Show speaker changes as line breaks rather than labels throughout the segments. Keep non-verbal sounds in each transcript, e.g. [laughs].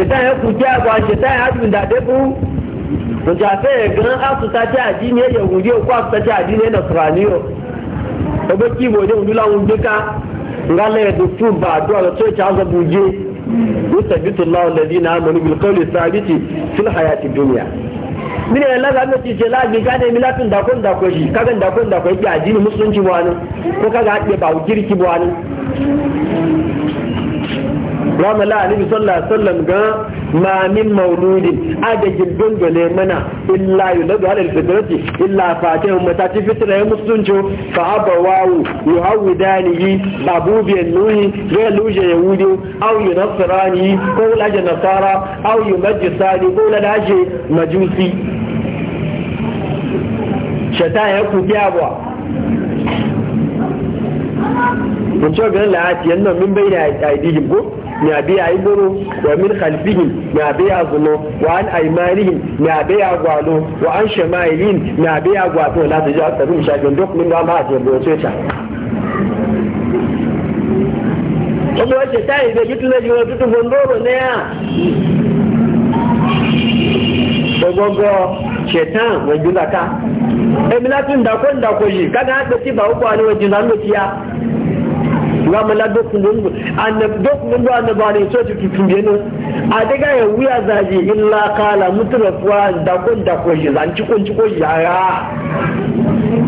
ṣètàn yẹn kù jẹ́ àgbà ṣètàn yẹn adùn ìdàdébù òjà fẹ́ẹ̀ gan asùtà tí àdí ní ẹ̀yẹ̀ òwúrí òkú asùtà tí àdí ní ẹ̀nà sọ̀rọ̀ àníyọ̀ ẹgbẹ́ kí ìwò ní òwúrí láwọn gbé ká ngálẹ̀ ẹ̀dùn fún bá àdúrà lọ tó ìjà ọ̀sọ̀ bùn jẹ́ yóò tó láwọn lẹ́dí náà mọ̀ níbi kọ́ lè ti ga ne milatin da kun da kwashi kaga da kun da kwashi addini rama la alibi sallallahu alaihi ga ma min mauludin adagin dongole mana illa yulabu halal illa fatin ummata ti fitra ya musulunci fa abawawu yuhawidanihi babubiyan nuhi ga luje yahudi aw yunasrani ko laje nasara aw ko laje majusi ya mun ci la'ati min bai da aidihim ko na biya iburu wa min khalfihim na biya zuno wa an aimanihim na biya gwalo wa an shama'ilin na biya gwato la ta ji a tsarin shafin duk min ba a jirgoce ta kuma wace ta yi da ya gbogbo ndako ndako yi kaga haɗe ti ba uku wani wajen zanu ciya nga mala dokunungu anna dokunungu anna bani so ti tutungenu adega ya wuya zaji illa kala mutrafuwa da kun da ko shi zanci kun ci ko yara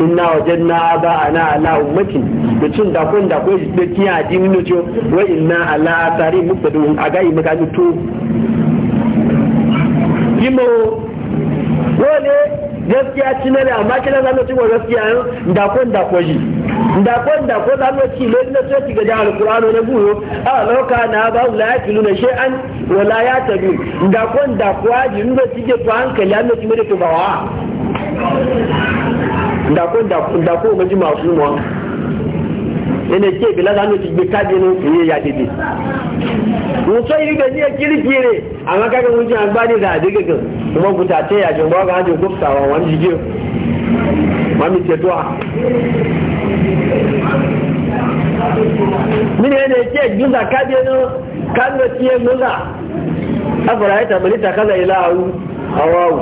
inna wajanna ba ana ala ummati mutum da kun da ko shi da kiya di minujo wa inna ala tari mukadun aga yi maka to kimo wole gaskiya cinare amma kina zama cikin gaskiya da kun da ko shi da ko da ko da mu ci da to ci ga da alqur'ano na buyo a lauka na ba la yakilu na shay'an wa la yatabi da ko da ko aji mu ci je to hankali an ci mu to bawa da ko da ko mu ji masu mu nínú etí èbí lásánù ti gbé káàdì inú ìyẹ́ ya dìde nǹkan ìrìgẹ̀ sí ekirikiri rẹ̀ àwọn akẹ́kọ̀ọ́ ń jẹ́ agbáni rẹ̀ àdégègè wọ́n kùtà tẹ́ àjọ wọ́n kàn án jẹ́ gómìnà àwọn wọn jíjẹ́ wọ́n mi tẹ̀ tó a. yana ce juza kaje no kan da tiye muza afara ya tamali ta kaza ila awu awawu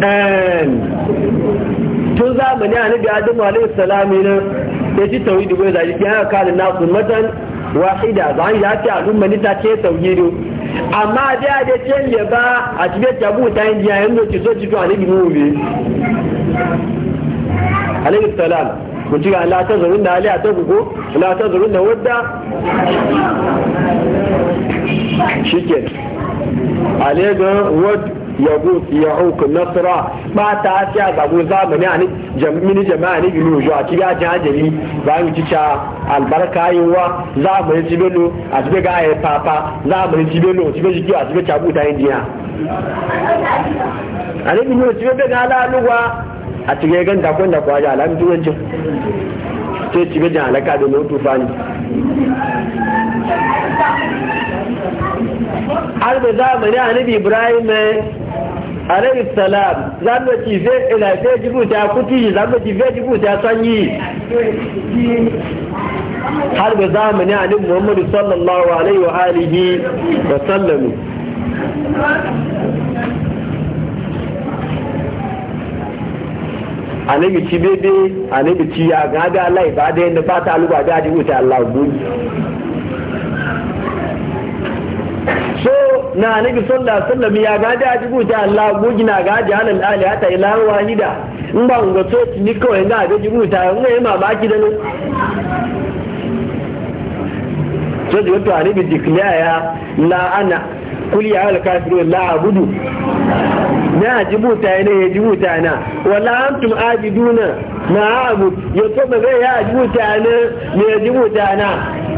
tun zamani a nabi adamu alaihi salami na ya ci da gwai zaji ki haka kalin nasu matan wahida za a yi ya ce al'umma ni ta ce ne amma a da da ce ne ba a cikin tabu ta indiya yanzu ci so cikin to anabi mubi alaihi salam ku ci ga Allah ta zarun da Ali ta gugu Allah ta zarun da wadda shike ale ga wadda yago yahuk nasra ba ta a zago zamani a mini jama'a ne ni bilu a ati ga jajeli ba yi ci ca albarka yi yiwa zamani ci belo a be ga e papa zamani ci belo ci be jiki ati be cha buta indiya ani bilu ci be ga la luwa ati ga gan da kon da kwa ja lan tuwancin sai ci be jan alaka da lotu fani har da zamani annabi ibrahim alayhi salam zamba ci fe ila ve jibu ta kuti zamba ci fe jibu ta sanyi har ga zamani annabi Muhammad sallallahu alaihi wa alihi wa sallam annabi ci bebe annabi ci ya ga da Allah ibada inda fata aluba ga jibu ta Allah gudu so na anabi sallallahu alaihi wasallam ya ga da ji guta Allah gugina ga ji halal ali hata ila wahida in ba ga so ni kawai ga ga ji guta in ga mamaki da nan so ji wato anabi dikliya ya la ana kuli ya halal kafiru la abudu na ji guta ne ya ji guta na wala antum abiduna na abu yato ba ga ya ji guta ne ya ji guta na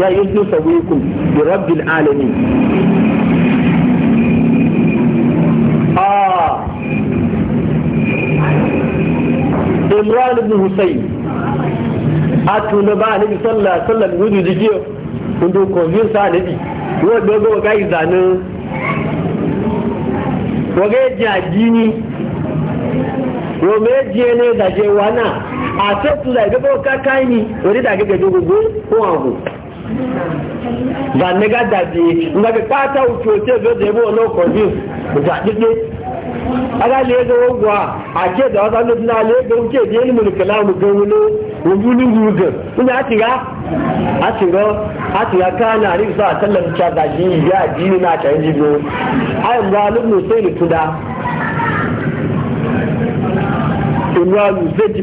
ya yuzdu sawikum bi rabbin alami ah Imran ibn Husayn atuna ba alibi sallah sallah gudu dikiyo kundu convince nabi wo dogo ga izanu wo ga jajini wo me ne da je wana a tattu da ga boka kaini wani da ga ga ko ango ba ne ga dadi nga ga u uchote zo de bo no confuse ga dide aga le ga wogwa a ke da wata nufin na le ga wuce da ilimin kalamu ga wani wujuni yuga ina a tiga a tiga a tiga ka na rif sa tallan cha da shi ya dini na ta yin jibo ayin ba lubnu sai ni tuda ìmúra lù ti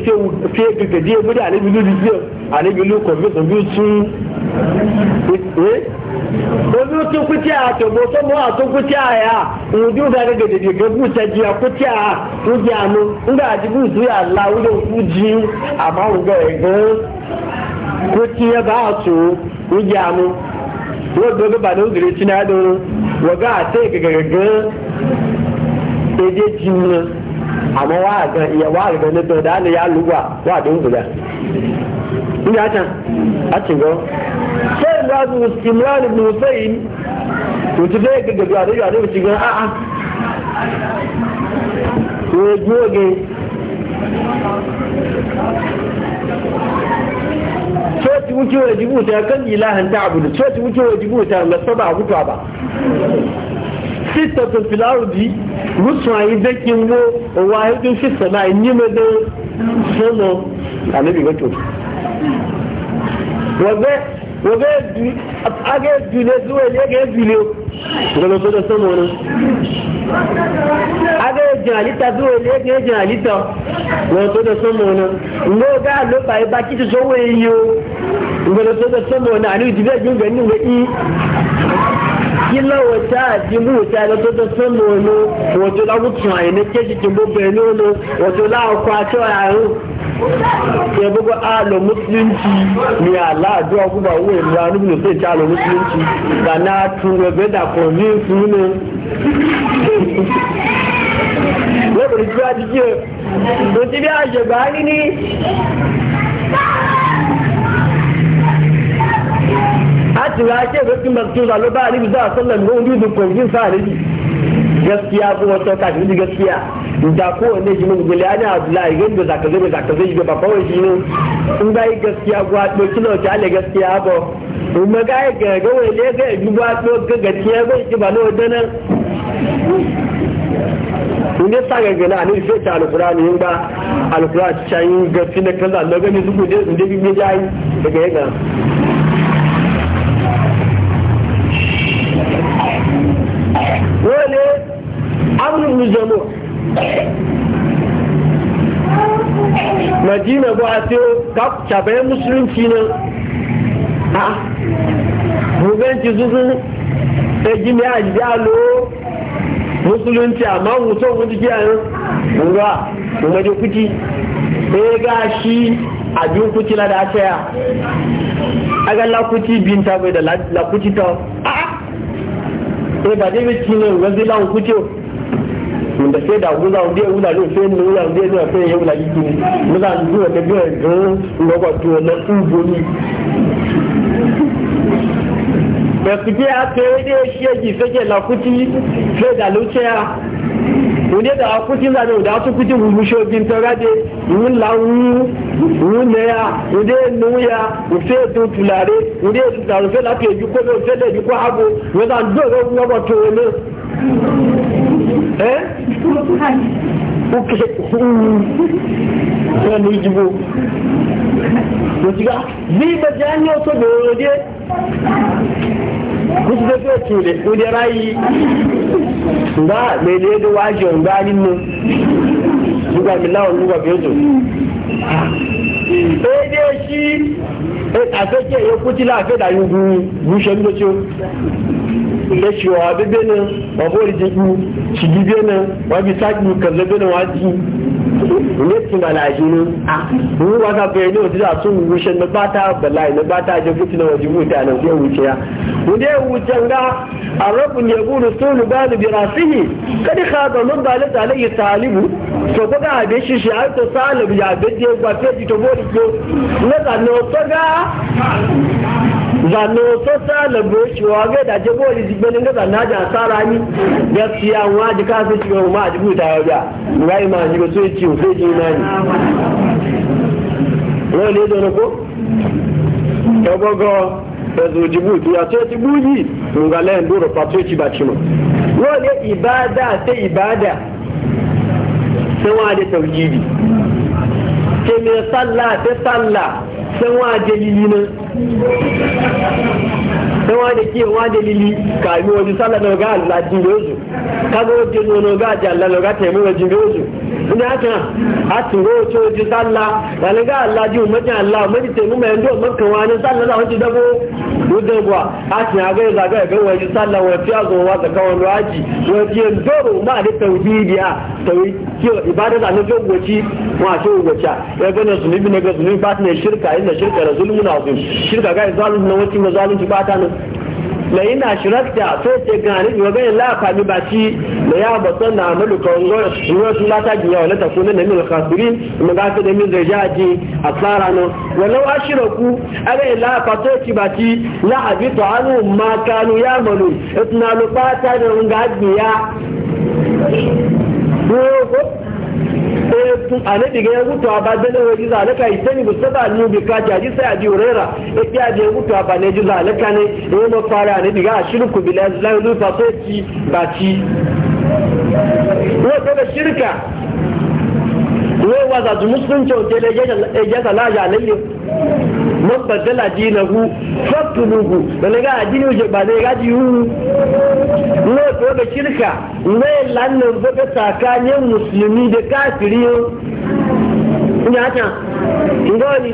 fẹ́ gbẹ̀gbẹ̀ díẹ̀ bóde àlébi lù lù díẹ̀ àlébi lù kọ̀ọ̀gbẹ̀ kọ̀ọ̀gbẹ̀ tún Eh? omi tún kúti a tòbó sọmọ àtún kúti a yà ǹdí gèdèdè gègú tẹjú ya kúti a àánú ǹdí àdìgún ìdú la wúlò jí àmà ẹgbẹ kúti yẹ àtò ǹdí àánú wọ́n gbé gbé bàdé ògèrè tí náà dòrò wọ́n gá àtẹ gègègègè èdè jì wà á gan wà á gan dáná yà wà á dé àtàn ustaz Imran ibn Hussein to ti dai ga gaba da gaba ci ga a'a to goge coci wuce wa jibuta ya kan ilahan ta abu da coci wuce wa ta na saba a mutuwa ba sittatun filarudi rusuwa yi dakin wo wa hajjin fista na yi mai da sono a nabi gato wanda aga jule zuwa ne ga jule gano so da samu wani aga zuwa ne ga jalita gano so da samu wani ngo ga lo bai ba kiti so we gano so da samu wani ani dibe jin ga ni kila wata jimu ta da to da samu wani wato da ku tsaye ne ke jikin bobbe ne wato la ko a to a ya bugu alo musulunci ni aladu akuba uwe mra nubu ni sai alo musulunci da na beda convince ne lóbìnrin gaskiya ko gaskiya da kowanne shi mun guli ana abdullahi gan da zaka zai zaka zai ba kawai shi ne in yi gaskiya gwa to kina ta ale gaskiya ba in ma ga ga ga wai ne ga yi gwa to ga gaskiya ba shi ba no dana in dai sa ga gana ne sai ta ne in ba alqur'ani can ga fina kaza Allah ga ni zuku ne in dai bi jayi daga yaga
maji
madina ba a ta shafayen musulunci nan ha buganci zuzun ta gini a jalo musulunci amma wuton wuce kiyayen ruwa kuma da kuki ɗaya ga shi a biyun kuci na da aka ya a ga lakuti bin ta bai da lakuti ta a a ba dai bai cinan wanzu lakuti. wanda sai da guza wanda ya wula ne sai mu wula sai ya wula yiki ne da biyar gan lokacin na da su ke a sai da shi ya ji lakuti sai da luciya wunde da akuti za ne da su kuti wumusho bin tarade wun lawu wun ne ya wunde nu ya wufe du tulare wunde du tulare fe la ke ju ko be fe le ju ko abo wunde an do ro wo to ne eh ṣe ní ìjìbò òtìgá ní ìbẹ̀jẹ̀ á ní ọ̀tọ̀ lòrò dé ní ti fẹ́ tó lè kó dé ráyí ǹgbà lèlè tó wá jọ ǹgbà nínú nígbà mi láwọn nígbà bí ó na cewa da benin ba bori jiki shigi benin wa bi saki kaza benin wa ji ne tun alaji ne mu wa ka bai ne da sun wuce na bata balai na bata je kuti na waje mutu a nan wuce ya mu dai wuce ga arabun yaqulu sulu bal bi rasihi kadi khaba mun bal ta alai talibu ko ga be shi to salib ya be je ba fe to bori ko na ka no to zano sosa na boci wa ga da je boli jigbenin ga zanna sara ni gaskiya wa ji ka su ciwo ma ji buta ya ga ma ji so sai ji na
ni
ko ji ya ji buji ci ba ci ibada sai ibada sai wa da ke me sai sai wa je yi wa da ke wa da lili kami wajen sallah na ga Allah jirozu kaga wajen nono ga jalla na ga taimu wajen jirozu ina haka a turo ce wajen sallah da ga Allah ji umarni Allah umarni taimu mai yanzu umarni wani sallah na wajen dabo wadda gwa a cikin hagar zaga ga wani sallah wacce a zowa da kawon raji wacce zoro ma da tauhidiya tauhidiya ibada da na wa ma ce gwaci ya gane zunubi na ga zunubi ba ne shirka inda shirka da zulmuna azim shirka ga zalunci na wacce na zalunci ba ta nan la yin ashrakta sai ce gani wa ga la ka mi baci la ya batan na amalu ka ngor ngor sun lata ji ya wala ta kuna na min khasirin mun ga ta da min da jaji asara no walau ashraku ala la ka to ci baci la habitu anu ma kanu ya malu itna lu bata da ngaji ya tun a naɗi ga ya mutu a ba dana wa jiza alaka yi sani bu saba ni bi ka jaji sai a ji urera ya ki aje ya mutu a ba ne jiza alaka ne ya ma fara a naɗi ga a shirku bi lai lufa so ci ba ci wata da shirka wai wa zazu musulunci wajen ya jaza laja alayyo man baddala dinahu faktuluhu bane ga addini je ba ne ga jihu no to da shirka ne lannan ba ga tsakanin musulmi da kafiri ina ta ngoni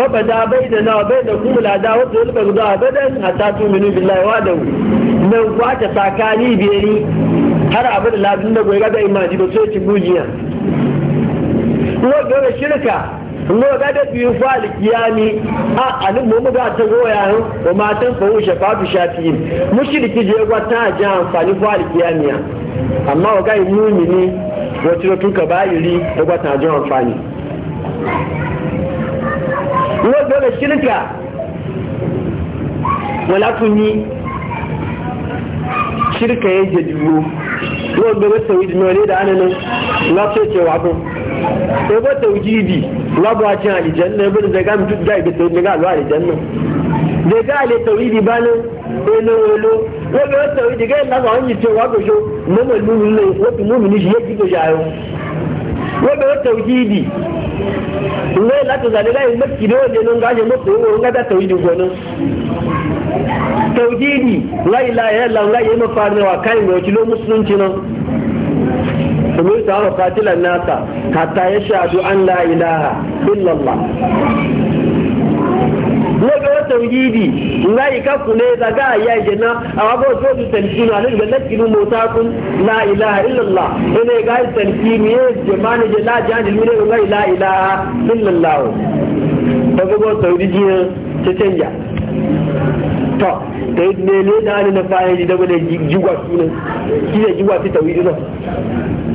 wa bada bai da na bai da kuma lada wa to ba da abadan hatta tu minu billahi wa da nan kwa ta tsakani biyari har abin labin da goyi ga da imani ba sai ci bujiya ko dole shirka mo ga da biyu fa alkiyami a anin mu ga ta goya hin wa matan fa husha fa tu shafi'in mushriki je gwa ta ji amfani fa alkiyami amma wa ga mu'mini wa tiro tuka bayiri da gwa ta ji amfani
wo dole shirka
wala kunyi shirka yake jiwo wo dole tawhid no ne da ananin na ce cewa ko ebo tauhidi wabu a cin alijanna ebo da ga mutu da ibi tauhidi ga alwa da ga ale tauhidi banin elo elo wabu ya tauhidi ga yana zawon yi cewa ga sho mama ne wabu mun shi ya ji ga shayo wabu ya tauhidi ne la to zale ga yi ne da wanda nun gaje mako yi wani ga tauhidi gwanin tauhidi la ilaha illallah la yi mafarnawa kai ne wakilan musulunci nan domin su hawa fatilan nasa hatta ya shaɗu an la ilaha illallah na ga wata wujibi ka yi kafu ne da ga ya yi na a wabo so su tantu na nan gbalar kinu mota kun la ilaha illallah ne ga yi tantu ne ya yi jama ne da la jihar ilmi ne la ilaha illallah ta gaba wata wujibi ne ta canja to da yi ne ne da hannun na fahimci da wani jiwa sunan k'i ne jiwa fita wujibi ne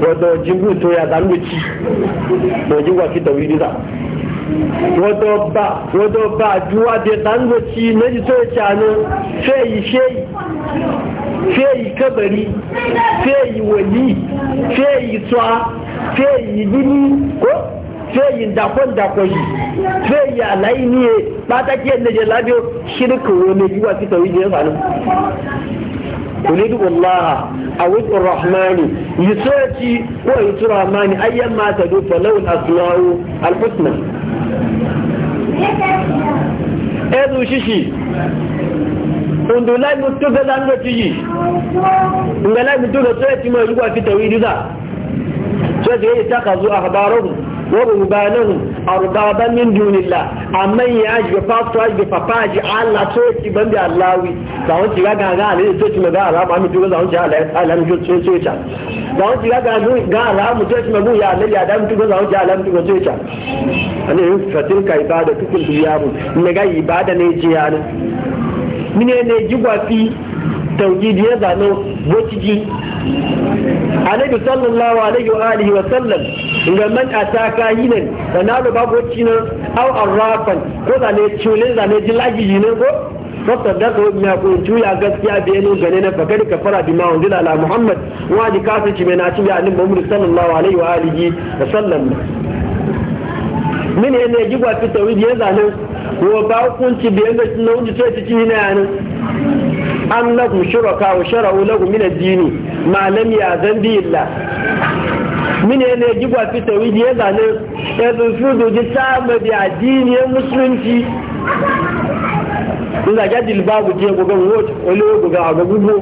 wato jingu to ya zanduci to a ki tawhidi da wato ba wato ba juwa da zanduci na ji to ya no sai sai sai kabari sai wali sai tsa sai dini ko sai dakon dakon sai ya laini ba ta kiyar da jalabiyo shirka wani jiwa ki tawhidi da sanu kulidu Allah a wikin rahmani yi soci ko yi tura mani ayyan mata dufa lawul asma'u al-husna ezu shishi undu lai mutu ga zango ciji unga lai mutu ga soci mai zuwa fitawi duza soci ya yi taka zuwa habararru wa rubanahum arbaba min dunillah amma ya ji fasto ji papa ji Allah to ki ban da Allahi da won ji ga ga ne to ki ga Allah amma to ga won ji Allah Allah ji ce ta da won ga ga ga mu to ki mu ya Allah ya da won Allah ce ta ne ga ibada ne ji ya ne mine ne ji gwafi zano ji annabi sallallahu alaihi wa alihi wa sallam ga man ataka hinan da na ba ko cina aw arrafan ko da ne culin da ne jilagiji ne ko fasa da ko ya ko tuya gaskiya da yanu gane na fakar kafara bi ma unzila ala muhammad wa di kafin ci mai na ci ya annabi muhammad sallallahu alaihi wa alihi wa sallam min ne ne gigwa fi ya zanu ko ba ci da yanga sunan wuce ci hinan am lahum shuraka wa shara'u lahum min ad-dini ma lam ya'zan bi illa min ne jigwa fi tawhid ya zane ya zufu do ji sama bi addini ya musulunci ina ga dilbabu je gogan wote ole gogan agogo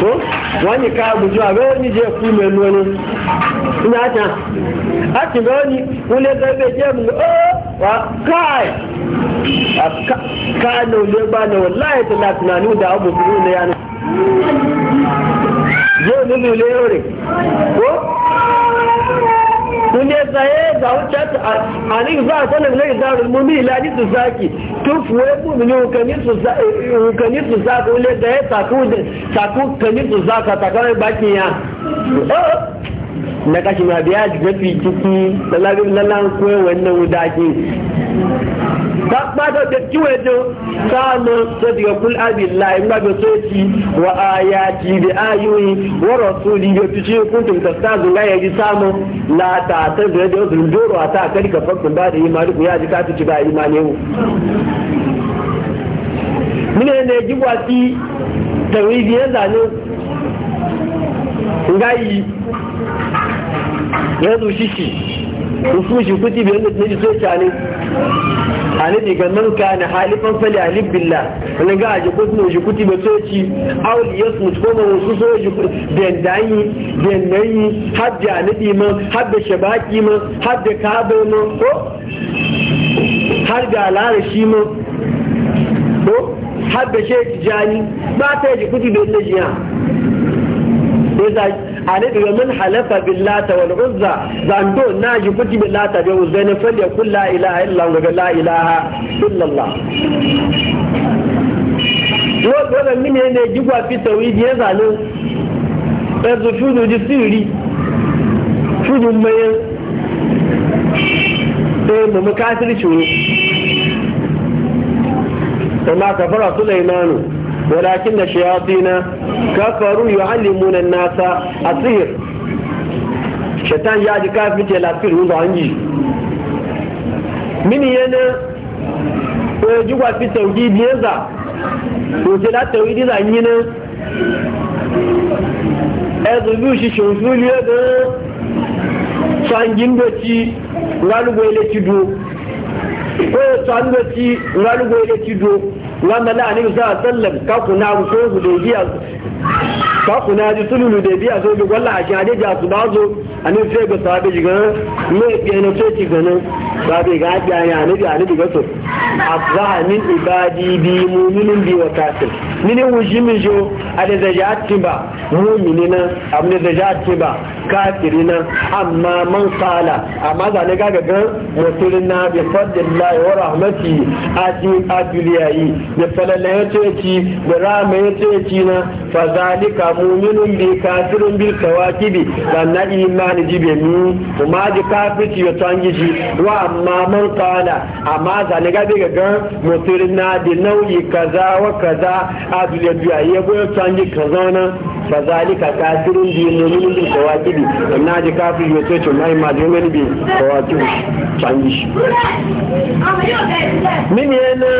ko wani ka guju a bai ni je ku mai nuni ina ta a ti bai ni wule zai je mu o wa kai ka na wule ba na wallahi ta na tunani da abu su ne yana yau ni zule yore ko kun ne tsaye ga wuce a ni za a sanar na izarul mummi ladis zaki tufu ebu mini ukani tuzaka ule da ya taku kani tuzaka takawai bakin ya na kashi ma biya jigafi ciki lalabin lalan kuwa wannan wudaki ta ɓata da kiwa da kano ta daga kul abillahi e ma da soci wa ayati da ayoyi wa rasuli da tuce kuntum ta sta zula ji samu la ta ta da da zulmjoro a ta kari ka fakkun da imani ku ya ji ka tuci ba imani Mine ne ani diga man kana halifan fali alif billah wani ga aji ko sunu ji kuti batoci aw yasmu ko ma wasu so ji ben dani ben nayi hadda anabi har hadda shabaki man hadda kabo man ko har da alara shi man ko hadda shi jani ba ta ji kuti ben najiya jiya. ani wa min halafa billata wal uzza zando na ji kuti billata da uzza ne fa ya kullu ilaha illa allah wa la ilaha illa allah wo dole mini ne ji gwa fi tawhid ya zalo e zo shudu ji siri shudu mai eh mu makasiri shuru kama kafara sulaimanu ولكن الشياطين kafaru yu'allimuna an-nasa asir shaitan ya ji kafin ce lafiyar yin da hangi mini yana ko ya ji kwafi tauki biye za ko ce la tauki di za yi na ẹzù bí òṣì ṣòṣù ní ẹgbẹ́ sangíngbòtí ngalugbo ilé ti dúró ó sangíngbòtí ngalugbo ilé ti dúró wanda na anibu za a sallam kakuna da ji sululu da biya so bi gwalla a shi hade ja su ba zo anibu sai ga sahabe ji mai na ganin babu ga ajiya ya anabi anabi a to min ibadi bi mu'minin bi wa kafir mini wuji min jo ada da jati ba mu'minina amne da jati ba kafirina amma man sala amma ga ne ga ga na bi fadlillahi wa rahmatihi aji ajuliyayi da falala ya ce ci da rama ya ce ci na fa zalika mu'minun bi kafirun bil kawakibi dan na imani jibe mu kuma ji kafirci ya tangi wa amma man qala amma zane ga bi ga na di nauyi kaza wa kaza adul ya yabo tanji kaza na kazalika kafirin bi mu'minun bi wajibi na ji kafir yo sai to mai ma ji mun bi tawajibi tanji mini yana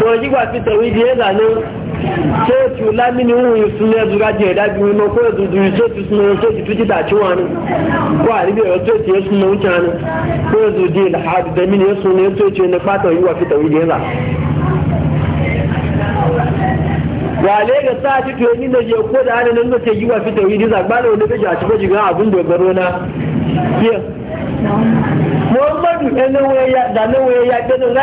to ji gwa fitawi je zane sóòtù lámìnì òun ìsúnlẹ̀ ẹ̀dùgájì ẹ̀dájú iná kó èdùdù sóòtù súnmọ́ sóòtù tó jìdá tí wọ́n ní kó àríbí ẹ̀rọ sóòtù yẹn súnmọ́ oúnjẹ ní kó èdùdù àdùdẹ̀mí ni sún ní sóòtù ní pátọ̀ yíwà fi tẹ̀wé dé ńlá. wàlẹ́ ga sa ti to ni da je ko da na nan ta yiwa fi tawhidi zagbalo da kaje a cikin jigan abun dogaro na Muhammadu ɗan nan ya da nan ya ɗan nan za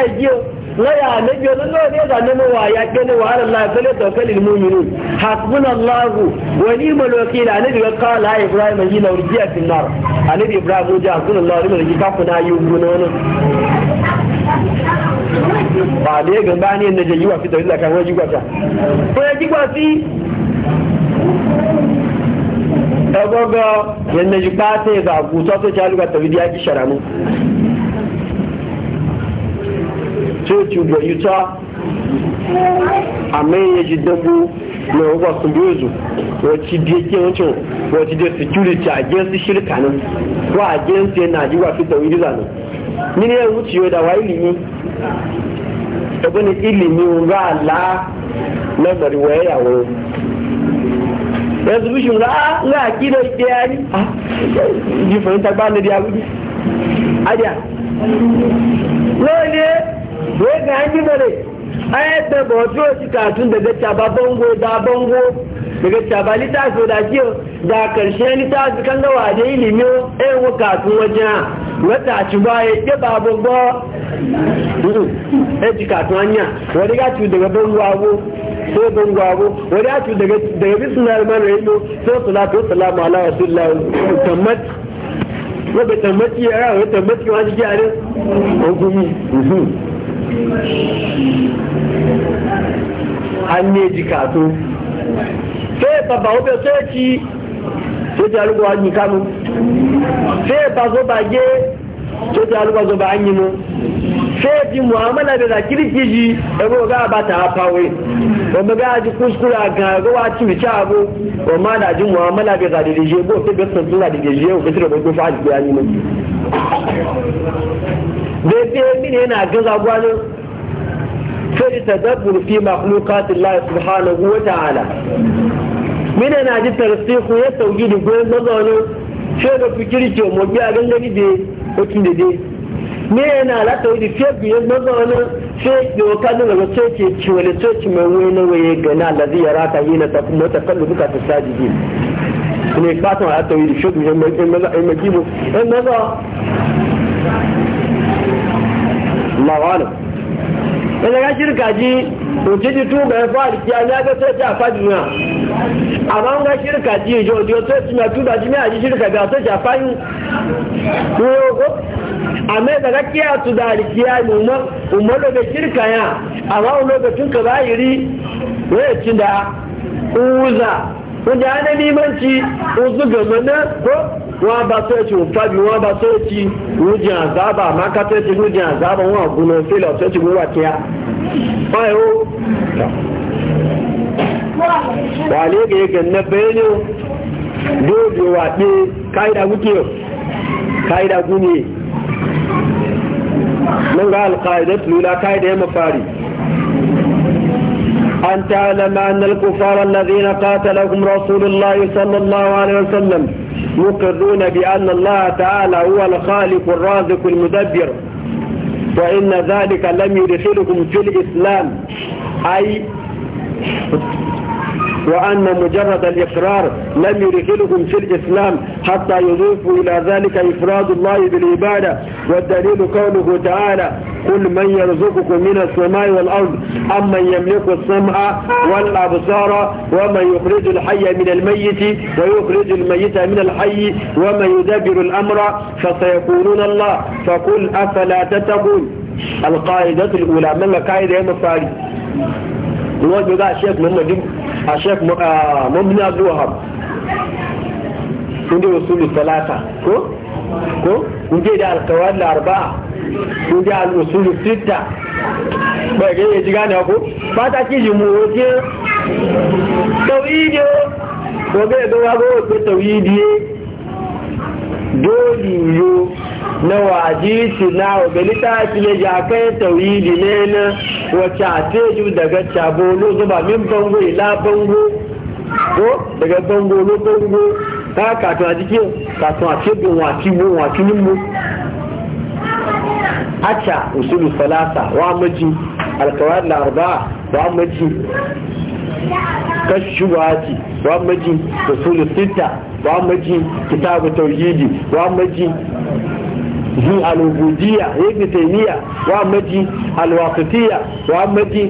waya na biyu nan nawa ne zanen wa ya gani wa ala Allah fale tawakkalil mu'minun hasbuna Allah wa ni'mal wakil annabi ya qala ibrahim ajina urjiya fil nar bi ibrahim ja hasbuna Allah wa ni'mal wakil ka kuna yungu na wannan ba dai gamba ne na jayi wa fitar Allah kan waji gwata ko ya ji gwati ebogo yanda ji ba sai ga gutsa to ta lugar tawidi ya ki sharamu tí ó ti yúta àmẹ́yẹjì dẹ́gbó na wọ́n wọ́n kúndé òzò wọ́n ti di ẹjẹ́ ọ̀tún wọ́n security agency ṣíríkà náà wọ́n agency ẹ̀ náà àdíwà fi tẹ̀wé dídà náà nínú ẹ̀wù tí yóò ilimi ìlì ní ẹgbẹ́ ni ìlì ní ọ̀rọ̀ àlá lẹ́gbẹ̀rẹ̀ wọ́ ẹ̀yàwó resolution rà á ń rà kí ló dé á ní ìdí fòyìntàgbà nídìí àwùjọ. Adìyà lóòlì wai ga an gina ne a yadda ba wasu wasu katun daga caba bango da bango daga caba littafi da kiyo da karshe lita littafi kan gawa da yi ilimi ɗayan eh, wa katun wajen wata ci ba ya ke ba gbogbo ɗaya eh, ci katun hanya wani ga cu daga bango abu sai bango abu wani ga cu daga bisu na mara ilmo sai salatu wasalamu ala rasulullah muhammad wadda tambaci ya rawa tambaci wani gyarin hukumi an ne jikatu sai babba obe sai ci sai ta rubuwa an yi kanu sai ba zo ba ge sai zo ba yi mu sai ji mu'amala da kirki ji ego ga ba ta hafawe wanda ga ji kuskura ga ga wa ci bici abu wanda da ji mu'amala da sai sun da ji mu zai fiye mini yana gaza sai ta fi makhluqatin Allah subhanahu wa ta'ala mini yana ji tarsihu ya sauki da goyon mazaunin sai da fikiri ke mu biya gangani da wakil da dai ne yana latawa da fiye mazaunin sai da wata da daga ke ci wani ki mai wani waye gana zai yara ta yi na tafi mota kallu duka ta sajidi ne fatan a latawa da fiye biyan mazaunin Allahu alam wanda ya shirka ji mutu ji tuga ya fara kiya ya to ta fa duniya amma an ga shirka ji jo jo to ci na tuga ji ya ji shirka ga to ta fa ni ko ko amma daga kiya tu da kiya mu mu mu da shirka ya amma lokacin ka cin da uza wanda ana limanci uzu ga mana ko wọ́n bá sẹ́ẹ̀tì òfàbí wọ́n bá sẹ́ẹ̀tì rújì máka rújì àzábà wọ́n àgúnà fílẹ̀ sẹ́ẹ̀tì wíwà kíá wọ́n ẹ̀hó wà lẹ́gẹ̀ẹ́ gẹ̀ẹ́nẹ́ bẹ́ẹ̀ wà pé káyidà gúkẹ́ káyidà gúnyè mun ga alƙa'idar lula ƙa'ida ya mafari an ta'alama annal kufar allazina rasulullahi sallallahu alaihi wasallam مقرون بأن الله تعالى هو الخالق الرازق المدبر وإن ذلك لم يدخلكم في الإسلام أي وأن مجرد الإقرار لم يدخلهم في الإسلام حتى يضيفوا إلى ذلك إفراد الله بالعبادة والدليل قوله تعالى قل من يرزقكم من السماء والأرض أم من يملك السمع والأبصار ومن يخرج الحي من الميت ويخرج الميت من الحي ومن يدبر الأمر فسيقولون الله فقل أفلا تتقون القاعدة الأولى من القاعدة يا مصاري الوجه ذا الشيخ محمد a shek mabin uh, abdullahab kunde usulu talata ko ko kunde da alkawar da arba'a kunde al'usulu sita bai ganye ji gane ku fata ki ji mu wace ne ko bai gawa ga wace tauyi ne dole yo na su na obeli ta ne ya kai tawili ne na wacce a teju daga cabolo zuba min bango ila bango ko daga bango lo bango ta katon a jikin katon a cikin waki mu waki mu hacha usulu salasa wa maji alkawar larba wa maji kashubati wa maji da sunan sita wa maji kitabu tawhidi wa maji zin al-ubudiyya ibn taymiya wa maji al-waqitiyya wa maji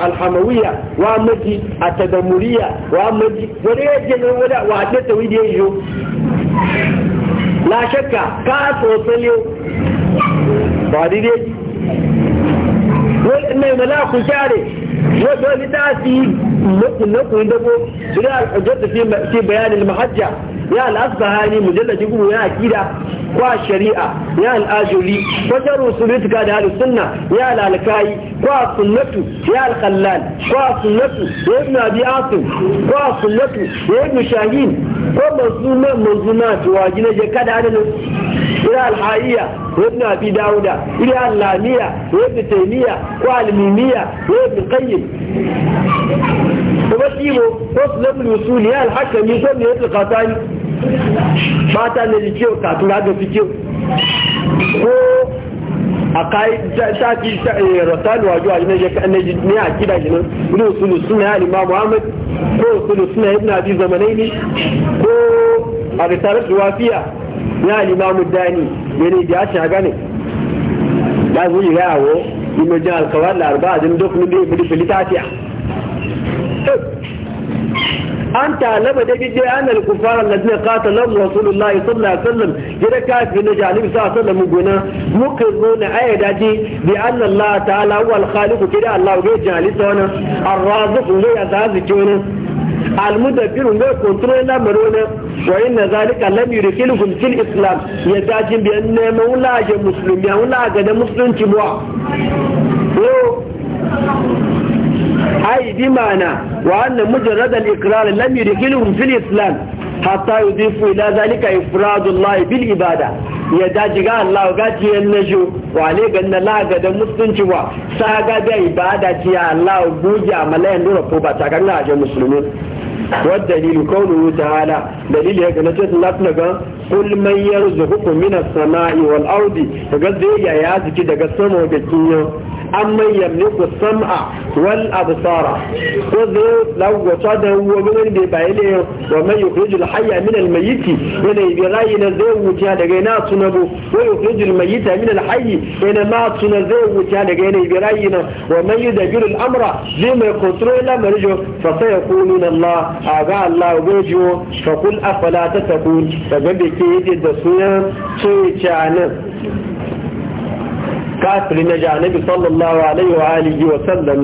al-hamawiyya wa maji wani yake ne wada yo la shakka ka so tsale ba dide wani ku share wato ni ta fi nakun dabo shirya al'ajarta fi bayanin mahajja ya al'asbahani mujallaji gubu ya akida kwa shari'a ya al'ajuri ko jaru sulutuka da halin sunna ya al'alkai kwa sunnatu ya al'kallal kwa sunnatu ya ibn abi asim kwa sunnatu ya ibn shahin ko manzuma manzuma tuwa gina je kada adalin إلى الحائية وابن أبي داود إلى اللامية وابن تيمية والميمية وابن القيم وبسيبه وصل الوصول يا الحكم يصل يطلق ثاني mata ne da kyau katun haka fi kyau ko a kayi tafi rasali wajo a jini ne a kida jinin ne usulu suna ya lima muhammad ko usulu suna ibn abi zamanai ne ko a risalar wafiya ya limamu dani yana ya shaga ne da zuwa yawo imajin alkawar larba a jindok ne da ibili filitatiya an talaba da gidi an alkufar allazina qatalahu rasulullah sallallahu alaihi wasallam gida kafi na jalib sa sallamu guna muka zo na aya daji bi anna allah ta'ala huwa al khaliq kida allah ga jalisa wana ar raziq ga ya zazi kenan almudabbirun ne kontrol lamarin wani wa inna zalika lam yurkilukum fil islam ya dajin biyan neman wulaje musulmi ya wulaje da musulunci buwa ai bi mana wa annan mujarradal ikrar lam yurkilukum fil islam hatta yudifu ila zalika ifradullah bil ibada ya daji ga Allah ga ti yan shi wa ne ga na la ga da mutunci wa sa ga da ibada ti ya Allah a malayan dora ko ba ta na ajin musulmi wa dalilu qawluhu ta'ala dalili ya ga na tsin lafi na ga kul man yarzuqukum min as ga da ya yaziki daga sama da kinyo amman yamliku sam'a wal absara ko zo lawo ta da wo ganin da bai le wa man yukhrijul hayya min al mayyit yana bi rayi na zai wuce daga ina tunabu wa yukhrijul mayyita min al hayy yana ma tuna zai wuce daga ina bi rayi na wa man yudabiru al amra zai mai control la marjo fa sayaquluna allah aga allah gojo fa kul afala tatakun daga bike yadda da sunan ce canin كافر نجا نبي صلى الله عليه وآله وسلم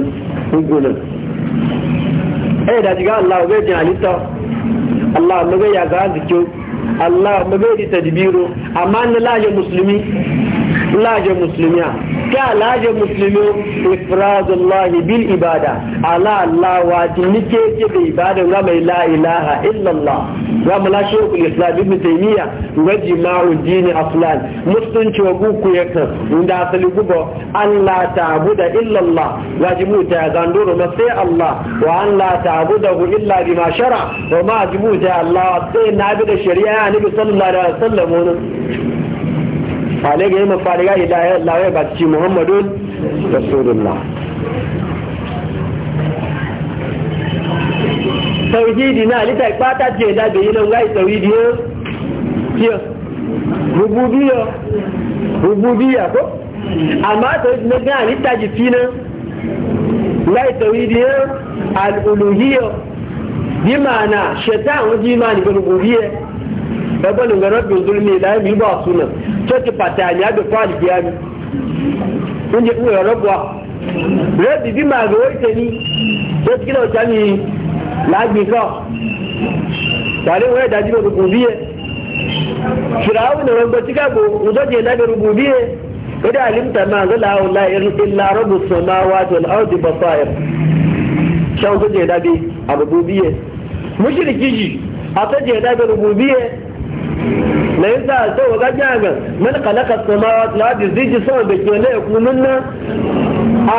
يقول اي دا جيغا الله وبيت يعني انت الله ما بيا قال لك الله ما بيد تدبيره اما ان لا يا مسلمي لا يا مسلميا يا لا يا مسلمي افراد الله بالعباده على الله واجنيك كي عباده ما لا اله الا الله za mu lashe ku islam ibn taymiya waji ma'u dini aflan musulunci wa guku ya kan inda asali gubo allah ta'buda illa allah wajibu ta ya gandoro ma sai allah wa an da ta'buda illa bi ma shara wa ma jibu ta allah sai na bi da shari'a nabi sallallahu alaihi wasallam fale ga yi mafariga ilayen lawai ba ci muhammadun rasulullah tauhidi na alita ipata je da be yin ngai tauhidi yo yo rububiyya rububiyya ko Ama tauhidi na ga alita ji fina ngai tauhidi yo al-uluhiyya bi ma'ana shaitan wajen imani ga rububiyya babban ga rabbin zulmi la yi ba sunan to ki patani ya da kwali biyani kun je uwa rabwa rabbi bi ma ga wai tani to kina lágbìnkọ́ tàbí wọ́n ẹ̀dájú ló dùkú bí yẹ fìràwọ̀ nà wọ́n gbọ́ ọdọ́jì ẹ̀dájú ló bí ó dé àlìmùtà máa lọ́la àwọn ọ̀la ìlà rọ́bù sọ máa wá tó ọ̀la ti bọ̀ fáyà ṣáwọn tó jẹ ẹ̀dájú àbùkù bí yẹ mùsùlùmí kìjì àtọ́jì ẹ̀dájú ló dùkú bí yẹ ليس سوى جاما من خلق السماوات والارض زيج سوى بكيونه يكونن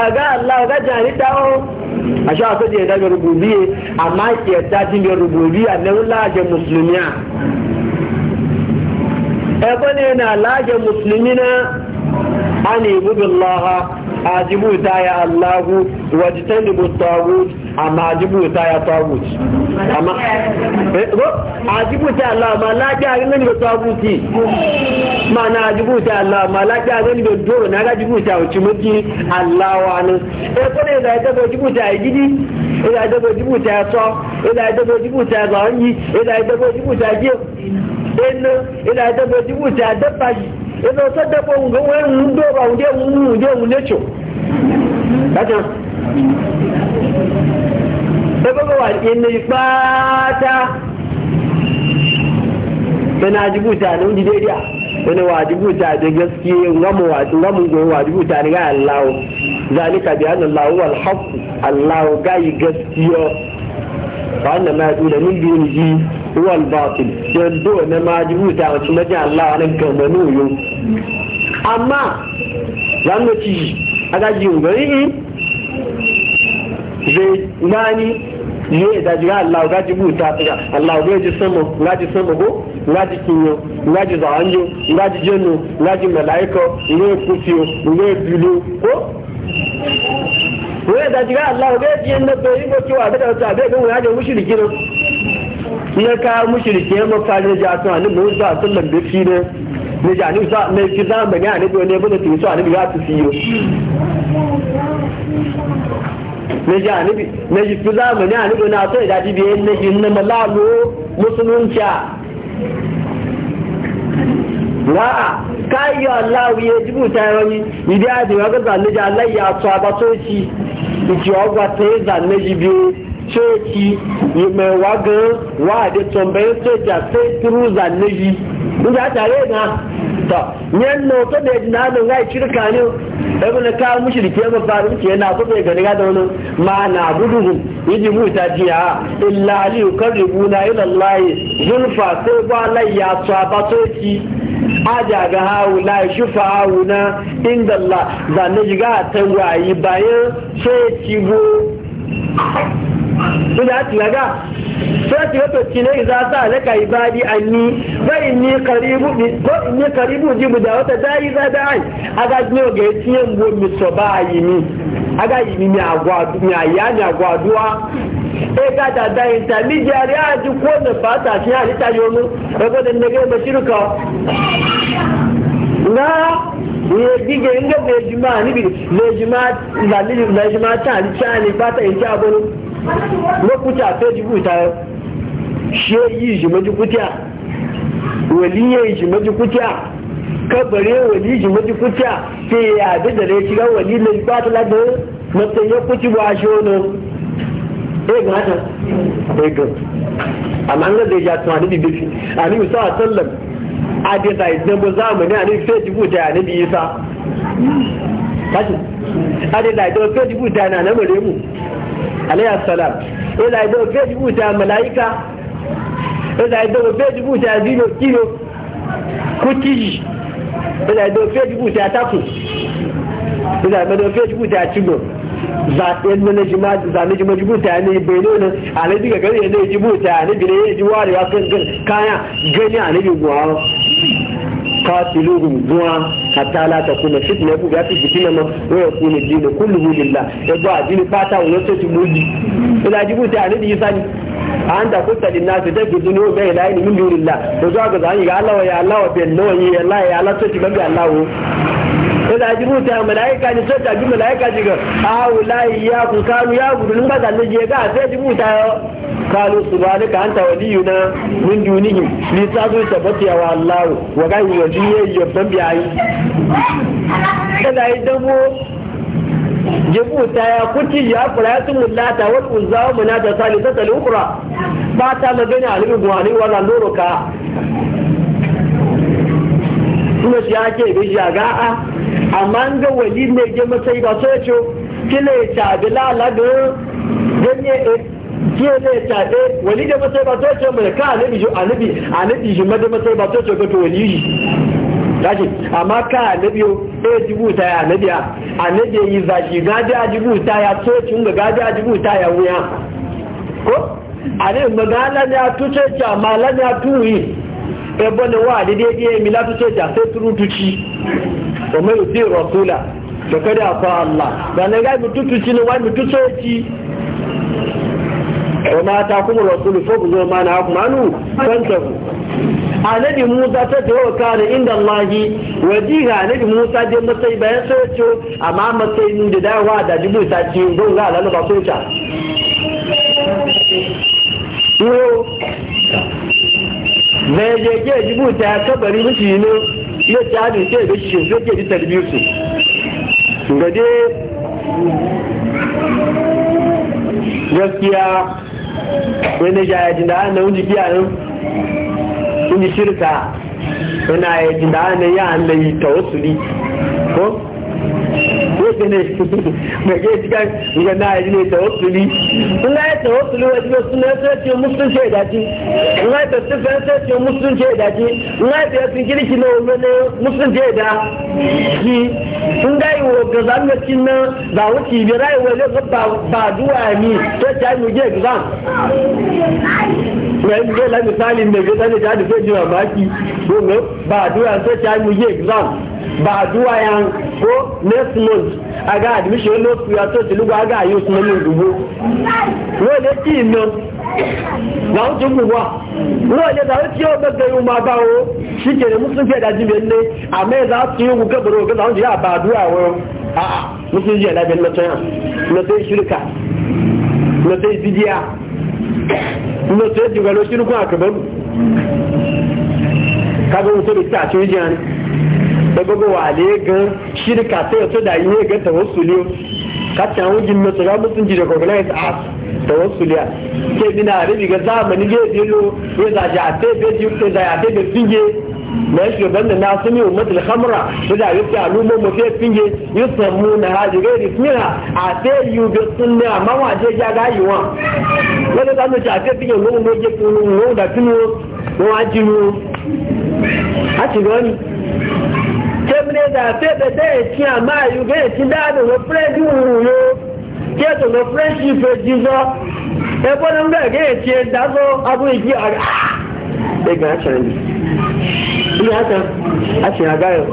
اغا الله غجاني تاو a sha so da yadda mai rububiye amma ki yadda jin mai rububiya na laje musulmiya ko ne na laje musulmi na ani ibubillaha ajibu ta ya allahu wajitanibu tawud amma ajibuta ya taguti amma eh, ajibuta Allah ma ma na Allah ma na Allah da eh, ya tabo ajibuta ya gidi ya so ya ya ya so ndo ba ẹgbẹ́gbẹ́ wà inú fata tana jibuta na wani daidai wani wa jibuta da gaskiye ngamun goyi wa jibuta ni ga allahu zalika bi anna allahu wal haqqu allahu gayi gaskiyo wa anna ma yaduna min dunihi huwa al batil dan do na ma jibuta wa tunaji allah nan kan manu yo amma zamu ci aga ji ngari zai nani ne da jiga Allah ga ji buta ta Allah ga ji samu ga ji samu go ga ji kinyo ga ji zawanjo ga ji jeno ga ji malaika ne kufiyo ne bilo ko wai da jiga Allah ga ji yin na bai go ki wa da ta bai ga wa da ne ya ka mushriki ma fa ne ja to mu Musa sallallahu lambe fi ne ja ni sa mai ki za mu ga ne ne bane ti so annabi su tafiyo na ji anibi na ji fi zamani anibi na so idaji biye na ji na malalo musulunci wa kayo Allah ya yi yoni idi a wa gaza ne ja Allah ya so abatoci ìtì ọgbà tẹ́ẹ̀zà méjì bí ó ṣéèkì ìmẹ̀wàgán wà àdẹ́tọ̀mbẹ̀ ṣéèkì àṣẹ́kìrúzà méjì mun ga yi na ta yan noto da da na da ga shirka ne kawo mushi da ba faru ke na ko bai gani ga da wani ma na buduhu yiji mu ta jiya illa li na yi allah zulfa ko ba layya sabatoki aja ga haula shufa na inda la za ji ga ta wayi bayan sai go. Ina tilaga sai wato cine za sa laka ibadi anni fa inni qaribu fa inni qaribu jibu da wata dai za da ai aga jiyo ga tiye mbo mi yi ni aga yi agwa mi aya ni agwa duwa e ga da da intermediary a ji ko ne ta shi ali ta yomu ko e da ne na yege nga lejima ni bi sheyi shi maji kutiya waliye shi maji kutiya kabare wali shi maji kutiya ke ya da da ne shiga wali ne ba ta lada matsayin ya kuti ba shi wani eh ga hata eh ga amma an zai ja tunani bi bifi ani musa a sallam a da zai dan ba zamani ani sai jibu da ani bi isa kashi a da zai dan sai jibu da na na mare mu alayhi salam ila eh, zai sai jibu da malaika ẹ̀dà ìdọ̀wọ̀ fẹ́ẹ̀dìbù ṣe àdínò kíro kú tíyì ẹ̀dà ìdọ̀wọ̀ fẹ́ẹ̀dìbù ṣe fẹ́ẹ̀dìbù ṣe àtìgbọ̀ zane jimaji buta ne bene ne alaji ga gari ne ji buta ne bine ya ji ware ya kan kaya gani a nabi guwa qatiluhum duwa hatta la takuna fitna ku ga fi fitna ma wa yakuna dinu kulluhu lillah ya ba dinu fata wa yace ti muji ila ji buta an da kusa din nasu da gidu ne bai la ni min dunilla to zuwa ga zani ga Allah ya Allah wa bin nawi ya Allah ya Allah to ci ban Allah wo ko da ji muta malaika ni so ta ji malaika ji ga awu la ya ku kanu ya gudu nan ba zan je ga sai ji muta kalu subhanaka anta waliyuna min dunihim ni ta zo ta tabbata wa Allah wa ga yi yaji yayi ban biyayi kada idan mu jibuta ya kuti ya ya fulatun mulata wa kuzawa munata salisata al-ukhra ba ta magana alibu wani wa landoro ka kuma shi ake bi jaga a amma ga wali ne je masai ba so ce kile ta bilala ga ganye ke ne ta de wali da masai ba so ce mai ka anabi shi ma da masai ba so ce ga to wali gashi amma ka annabi e jibuta ya annabi annabi yi zashi gaji a jibuta ya tocin ga gaji a jibuta ya wuya ko ale magana ne a tuce ca mala ne a tuwi ebe ne wa dide biye mi la tuce ca sai turu tuci o mai uti rasula to kada afa Allah da ne ga mutu tuci ne wa mutu soci وما annabi musa ta tawakkal inda allahi wajiha annabi musa je matsayi bayan socho amma matsayi nu da dawa da jibu ta ci gon ga lalu ba socha yo ne je ke jibu ta kabari miki ne ya ta da ce da shi ke da tarbiyu su ga gaskiya wani jayajin da an na wuji kiyayen sun yi shirka suna ya ji da ne ya Allah yi tawassuli ko ko ce ne mai [laughs] ke ga na yi ne tawassuli suna ya tawassuli wajen ba suna ya sace musulun ce da ci suna ya tattafa ya sace musulun ce da ci suna ya tafi kirki na wani ne musulun ce da ci sun ga wo ga zamgacin nan ba wuce bi rayuwa ne ba duwa ne ta mu ge ṣùgbọ́n ìgbé lẹ́nu sáàlì ne ta jáde tó jìnà máàkì gbogbo bàdúrà tó ṣe àmì yi exam bàdúrà yan kó next month aga admission ló fi àtó a aga yóò sinmi ní ìdúgbò wọ́n lè kí iná làwọn tó gbù wá wọ́n lè dáwọ́ tí ó gbẹ́gbẹ́ yóò máa bá o ṣì kèrè mú sókè dájú mi ní àmẹ́ta tí ó wù kẹ́bọ̀rọ̀ òkè láwọn jìyà bàdúrà wọn àà mú sí ìyẹ̀dá bẹ́ẹ̀ lọ́tọ́ yàn lọ́tọ́ ìṣúríkà lọ́tọ́ bidiya. inda sai jiga lokacin kuma ka baro kaga mutum da ta ce jiya ne da gogo wale ga shirka sai wato da yi ga tawassuliyo ka ta wujin na tsara mutunci da organize as tawassuliya sai dina rabi ga zamani da yelo ya zaje a sai da ji ko da ya sai da finge ما يشبه بأن الناس من أمة الخمرة بدأ يبتع لهم ومفيد فيه يسمون هذه غير اسمها أتي يبطلنا ما واجه جاء أيوان ولا تأمل شعفية فيه لهم ويجبون لهم دكتنوا وواجهوا حتى قولي kemne da fe be de ti ama yu ge ti da do wo friend wu yo ke to wo friendship e ji zo e bo na nge ge ti da zo abu igi ara e ga challenge shi haka a cinagayo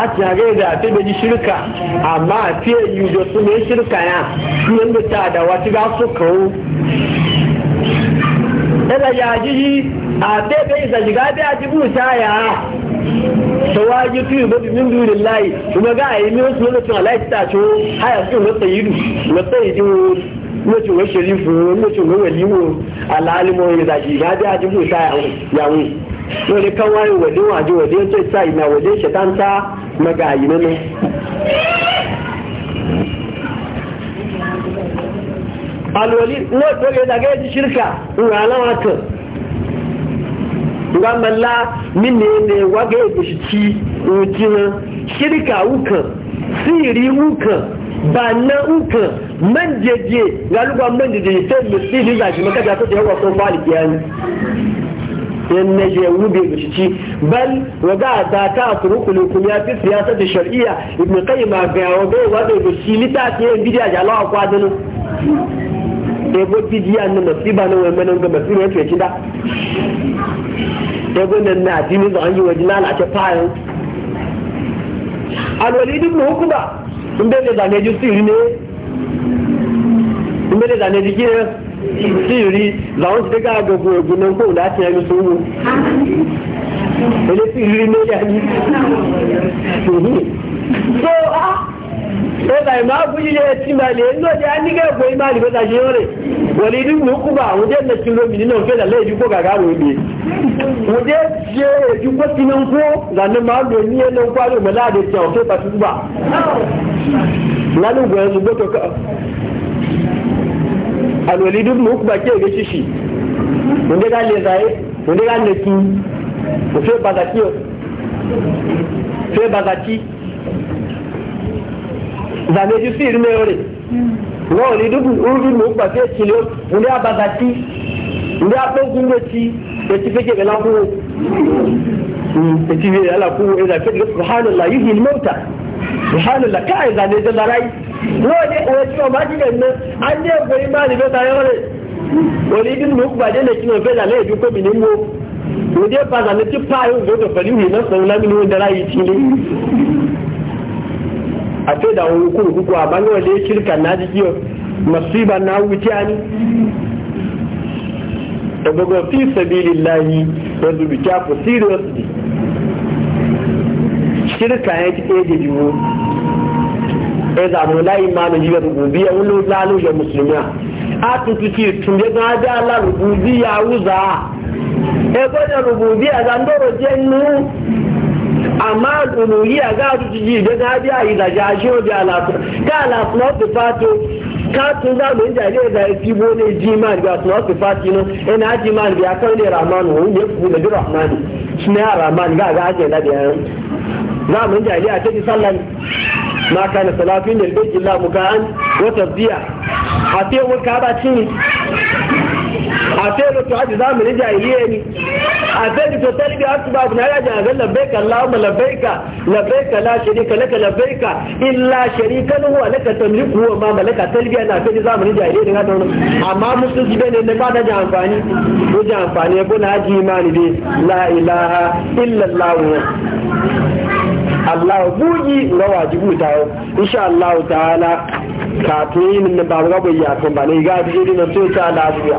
a cinagayo da a tebe shirka amma a fiye yi da su mai shirka ya shi yadda ta da wata ga su kawo daga yaji a tebe isa shiga a jibu ta ya tawaji fi babu min dunin layi kuma ga a yi min wasu lokacin alayi ta ce haya fi wata yi wata yi jiwo wata wa sharifu wata wa waliwo alalimo ya zaji ga biya jibu ta yawon wani lórí kan wáyé wòlé wọn àjò wòlé tó ta ìmọ̀ wòlé ṣètàǹtà mẹ́gà ne ne. alwali no dole daga yaji shirka ngana wata ngamman la min ne ne waga yaji shi ci shirka wukan siri wukan ba na uka manjeje ga lugwa manjeje sai musulmi zaki maka da ta yawa ko fali biyani yan na je wube bishici bal waga ta ta turukul kunya fi siyasat shar'iyya ibn qayyim ga wabe wabe bishi litati yan bidiya ja lawa da ebo bidiya na masiba na wani manan ga masiba ya fiye da ebo nan na dini da an yi wajen lalace fayin alwalid ibn hukuma in bai da zane ji sirri ne in bai da zane ji ne. sírí làwọn ti dégá gbogbo ògùn da kó láti ẹni mu èlé sí rí mẹ́lẹ̀ ní so a ah, ó bàì máa bú yíyẹ tí máa lè ní ọjà nígbà ẹ̀kọ́ ìmá àlè mẹ́ta ṣe rẹ̀ wọ̀lẹ̀ ní mú bá àwọn jẹ́ mẹ́tí lómi nínú ọ̀fẹ́ ìdàlẹ́ ìdúkọ́ gàgà rò ìgbé mo alwali duk mu ba ke ga shishi mun da galle zai mun ki mu fe bazaki fe bazaki zane ju fi irme ore no ni duk mu ba ke kilo mun da bazaki mun da dogun gaci da e ti fike ga lafu hmm, e ti ala ku ila e fi subhanallah yuhil mauta subhanallah kai zane da larai no ne o ti o ma ji ne an ne go ma ni ta yo re o ni din mu ne ki no be la le ko ni mo ba zane ti pa yi go to pẹ̀lú ni na san la wani da rai ti ni a ce da wani kuru kuku a bangaren da ya na ji kiyo masiba na wuce ni da bugu fi sabilillahi yanzu bi kyafu seriously shirka ya ci ɗaya da biyu ya zamu layi ma na jiya rububiya wani lalu ya musulmiya a tutu ce tun ya gana da ala rububiya wuza ya e gwada rububiya zan doro jennu amma a ga tutu ji da gana da yi da jashi wa da alasu ka alasu na wasu fato ka tun za mu inda ne da fi bone ji ma da alasu na wasu fati nan yana e ji ya kawai ne ramanu wani ya fi da bi ramanu suna ramanu ga ga ake da Za zamanin jahiliya a ji sallan ma kana salafin da bai illa muka'an wa tasdiya a te wa ka ba cini
a
te da to haji zamanin jahiliya ni, a te da to talbi asba ibn ala ja ga labbaika allahumma labbaika labbaika la sharika laka labbaika illa sharikan huwa laka tamliku wa ma malaka talbiya na ta zamanin jahiliya ne ga don amma musulmi bane ne ba da ji amfani ko ji amfani ko na ji imani bi la ilaha illa
allah
Allah buji na wajibu ta yau insha Allah ta'ala kafin yi min ba ga bayya kan ba ne ga dije dinan sai ta lafiya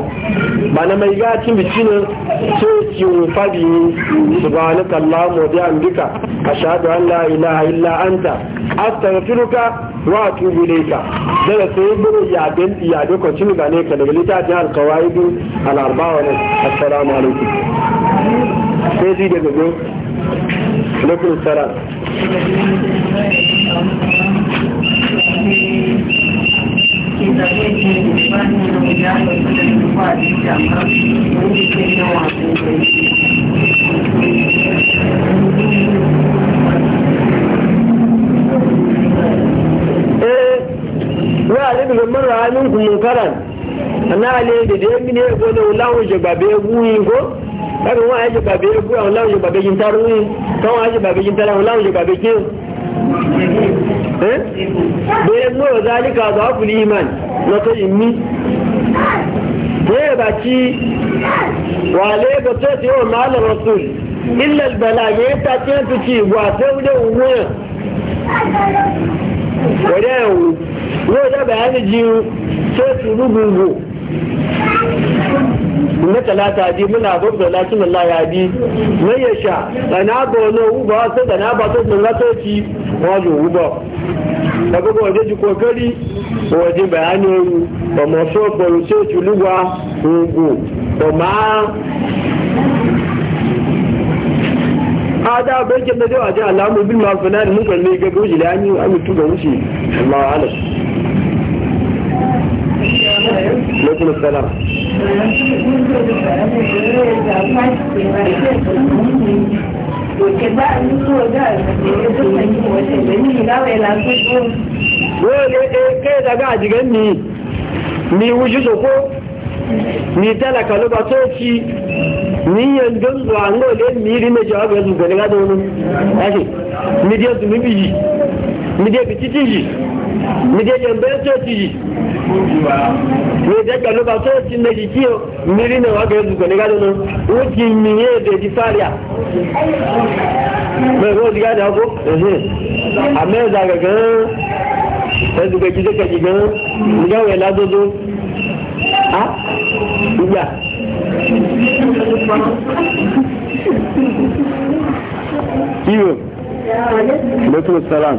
ba na mai ga cin bicin sai ki fadi subhanaka mu wa andika ashhadu an la ilaha illa anta astaghfiruka wa atubu ilayka da sai buru ya den ya da ko cin ga ne ka daga litafin alqawaid al-arba'a assalamu alaikum sai ji daga go عليكم السلام Ee, da mara hannun kuma karan ana ne da da yankin ya gole wula wuce ba bai guyi ko láti wọ́n ayé bàbá egú àwọn láwọn yóò bàbá yìí tárú ní tọ́wọ́n ayé bàbá yìí tárú àwọn láwọn yóò bàbá kí bẹ́ẹ̀ mú ọ̀dá alíkà ọ̀dọ̀ ọ̀fùlì iman lọ́tọ́ yìí mí ya bá kí wà lẹ́gbẹ̀ tó ti ó máa lọ́rọ̀ tó ilẹ̀ ìbẹ̀lẹ̀ àyè ta tí ó ti ti ìwà tó lé òun yàn wọ́n dẹ́ ẹ̀wò lóòjọ́ na talata ji muna babba lakin Allah ya bi mai ya sha tsana ba wani uba sai tsana ba sai tsana sai ci wajen uba da gbogbo waje ji kokari waje bayanin oru ba ma so boro sai ci luwa ogo ba ma a da bankin da zai waje alamu bin mafi na da nukar ne gabo jilani a mutu ga wuce Allah alam alaikum assalam
dole
ɗaya kai daga a ni ni wuji soko ni talaka ni jawabu da wani zunubi yi yi mìdíje ń bẹ́ sóòtì yìí mìdíje pẹ̀lú bá sóòtì méjì kí o mìírí náà wọ́n kẹ́ zùkọ̀ ní gádùn náà ó ti mìíye èdè di fáríà mẹ́rin ó ti gádùn àkó àmẹ́ẹ̀dà gẹ̀gẹ́ ẹ̀dùkẹ́ jíjẹ́ kẹ̀jì gan nígbàwẹ̀ ládodo á gbígbà Iyo, Lekul Salam.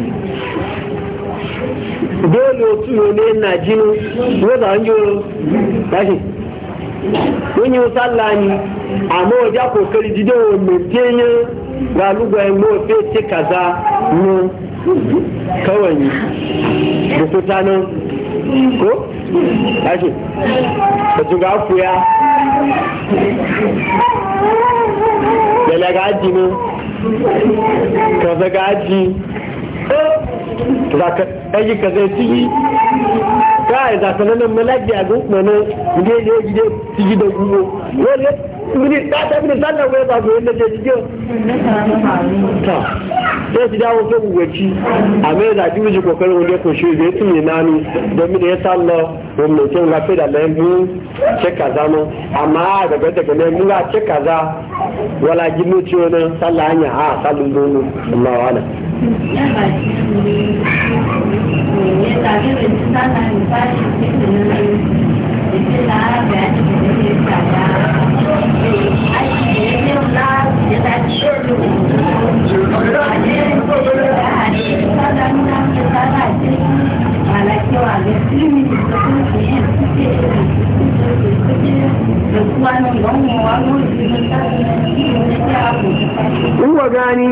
iyo ne na jinu wo an yo tashi kun yi sallah ni amma wajen kokari jide wa mutenye ga lugwayen mawafe ce kaza ne kawai bukuta nan ko? tashi da su ga fuya da lagaji ne kaza gaji za ka ɗayi ka zai ciki ta yi zata nan malaki a gun kwanan gide ne gide ciki da gugu wani ta ta mini sannan wani ba ku yadda ce cikin ta sai su dawo ko gugwaci a mai zaɓi wuce kokarin wani ko shi zai tuni domin da ya sallo wani mai da layan biyu amma daga daga kaza wala gino ciwo nan sallah hanya a sallin Allah wa'ala Uwa gani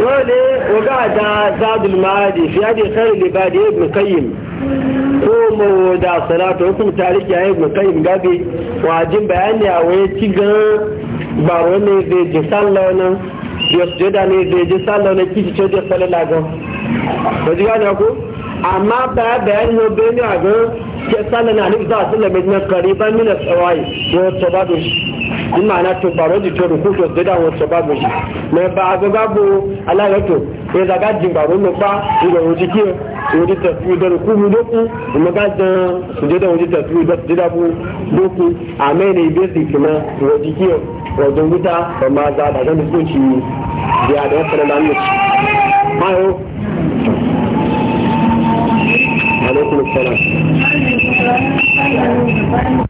dole waga da zadul ma'adi fi hadi khair libadi ibn qayyim ko mu da salatu hukum tariki ya ibn qayyim gabi wajin bayani a waye ci ga baro ne da ji sallah ne da ne da ji sallah ne kici ce da sallah lagon ko ji ga ko amma ba bayani no bene a ga ke sallan na nufi za a sallan mai nan kariban mina tsawai da wata babu shi in ma'ana to ba wajen to rukuto da da wata babu shi mai ba a zaga bu alayato ya zaga ba wani ba da wajen ke wajen tafiyu da rukumu doku kuma ga da su je da wajen tafiyu da su da bu doku a mai ne bai zai kuma wajen ke wajen wuta ba ma za a da zan da soci biya da wata da lamuci. alaikum assalam